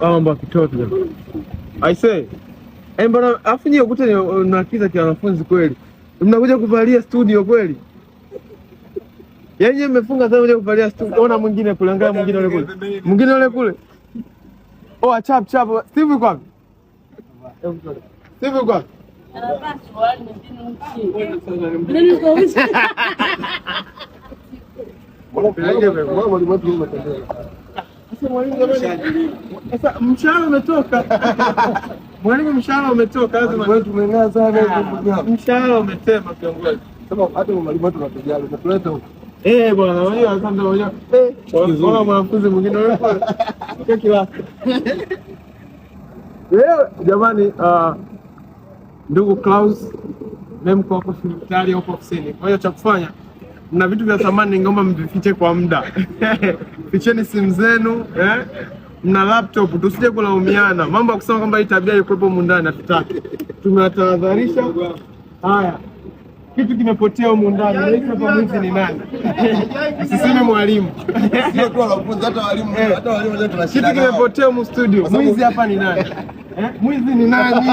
Au mambo ya kitoto. I say. Eh, mbona afu nyie ukute uh, kiza cha wanafunzi kweli. Mnakuja kuvalia studio kweli. Yaani nyie mmefunga sana kuja kuvalia studio. Ona mwingine kule, angalia mwingine yule kule. Mwingine yule kule. Oh, chap chap. Steve yuko wapi? Steve yuko wapi? Anabaki Sasa mshahara umetoka, mwalimu, mshahara umetoka, lazima tumeng'aa sana, ah, mshahara umetema kiongozi. hata mwalimu wetu eh, eh, mwanafunzi mwingine jamani, ah, ndugu Klaus Memko hapo hospitali hapo ofisini. Kwa hiyo cha kufanya na vitu vya thamani, ningeomba mvifiche kwa muda ficheni simu zenu eh? Mna laptop, tusije kulaumiana. Mambo ya kusema kwamba hii tabia ikuwepo mundani hatutaki, tumewatahadharisha. Haya, kitu kimepotea humu ndani. Mwizi ni nani? Usiseme mwalimu, sio tu hata hata walimu, eh. walimu kitu kimepotea humu studio. Mwizi hapa ni nani? Eh, Mwizi ni nani?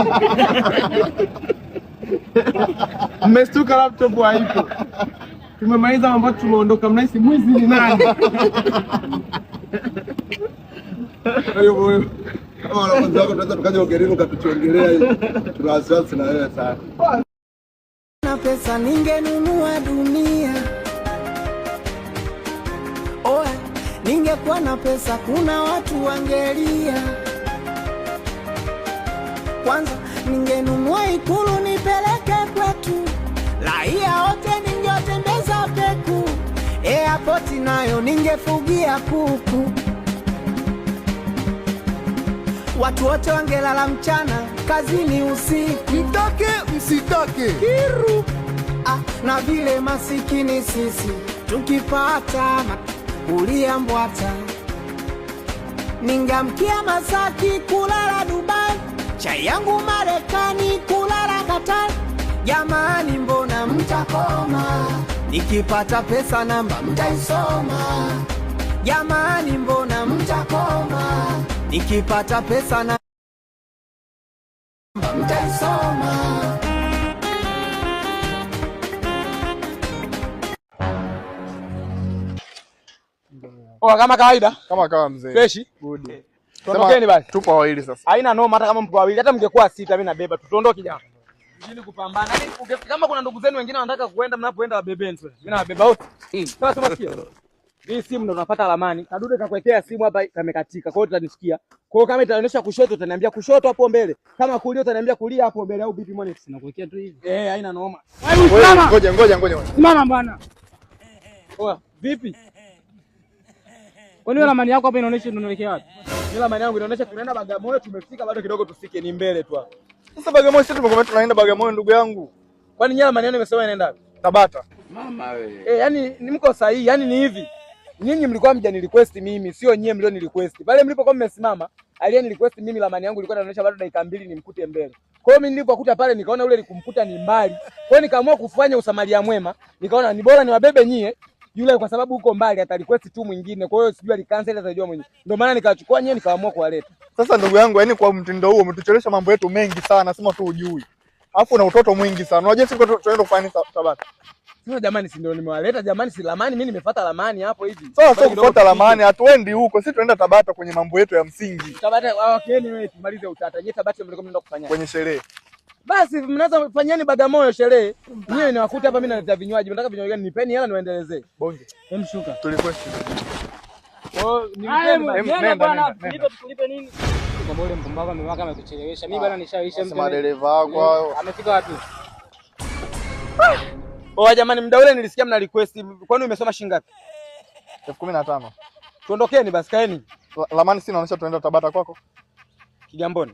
Mmestuka, laptop haipo tumemaliza mambo tumeondoka, mnahisi mwizi ni nani? wako na wewe Na pesa ningenunua dunia, oe, ningekuwa na pesa kuna watu wangelia. Kwanza ningenunua Ikulu nipeleke nayo ningefugia kuku, watu wote wangelala mchana, kazini usiku, mtake msitake kiru ah, na vile masikini sisi tukipata kulia mbwata, ningamkia Masaki kulala Dubai, chai yangu Marekani kulala Katari. Jamani, mbona mtakoma? nikipata pesa namba mtaisoma, jamani, mbona mtakoma? Nikipata pesa namba mtaisoma. Oa, kama kawaida kama kawa mzee. Freshi. Good. Tuondokeni basi. Tupo wawili sasa. Haina noma hata kama mko wawili hata mngekuwa sita mimi nabeba. Tuondoke jana mjini kupambana. Yaani kama kuna ndugu zenu wengine wanataka kuenda mnapoenda wabebeni mm. sasa. Mimi nawabeba wote. Sasa tumasikia. Hii simu ndo unapata ramani. Kadude kakuwekea simu hapa kamekatika. Kwa hiyo tutanisikia. Kwa hiyo kama itaonyesha kushoto utaniambia kushoto hapo mbele. Kama kulia utaniambia kulia hapo mbele au vipi mwana? Nakuwekea tu hivi. Eh, haina noma. Wewe ngoja ngoja ngoja. Simama bwana. Eh, Oa, vipi? Kwani ramani yako hapa inaonyesha tunaelekea wapi? Ramani yangu inaonyesha tunaenda Bagamoyo tumefika bado kidogo tufike ni mbele tu hapo. Sasa Bagamoyo sisi tumekuwa tunaenda Bagamoyo ndugu yangu. Kwani nyama maneno imesema inaenda wapi? Tabata. Mama wewe. Eh, yani ni mko sahihi, yani ni hivi. Nyinyi mlikuwa mjani request mimi, sio nyie mlio ni request. Pale mlipokuwa mmesimama, alieni request mimi lamani yangu ilikuwa inaonyesha bado dakika mbili nimkute mbele. Kwa hiyo mimi nilipokuta pale nikaona ule nikumkuta ni mbali. Kwa hiyo nikaamua kufanya usamaria mwema, nikaona ni bora niwabebe nyie yule kwa sababu huko mbali request tu mwingine, kwa hiyo sijui alikansel atajua mwenyewe, ndio maana nikachukua nyewe nikaamua kuwaleta. Sasa ndugu yangu, yani kwa mtindo huo umetuchelesha mambo yetu mengi sana, sema tu ujui, alafu na utoto mwingi sana. Unajua siku tunaenda kufanya Tabata sio? Jamani, si ndio nimewaleta jamani, si lamani mimi nimefuata lamani hapo hivi. Sasa sio kufuata lamani, hatuendi huko sisi, tunaenda Tabata kwenye mambo yetu ya msingi. Tabata, okay, anyway tumalize utata. Je, Tabata mlikuwa mnaenda kufanya kwenye sherehe basi mnaanza fanyeni Bagamoyo sherehe. Mimi niwakuta hapa mimi naleta vinywaji. Nataka vinywaji gani? Nipeni hela niwaendeleze. Bonge. Hem shuka. Tulikwenda. Oh, nipeni bwana. Nipe tulipe nini? Kwa yule mpumbavu amewaka amekuchelewesha. Mimi bwana nishawisha mtu. Madereva wako hmm, hao. Amefika wapi? Ah! Oh, jamani mda ule nilisikia mna request. Kwani umesoma shilingi ngapi? elfu kumi na tano. Tuondokeni basi kaeni. Lamani sina naonyesha tunaenda Tabata kwako. Kigamboni.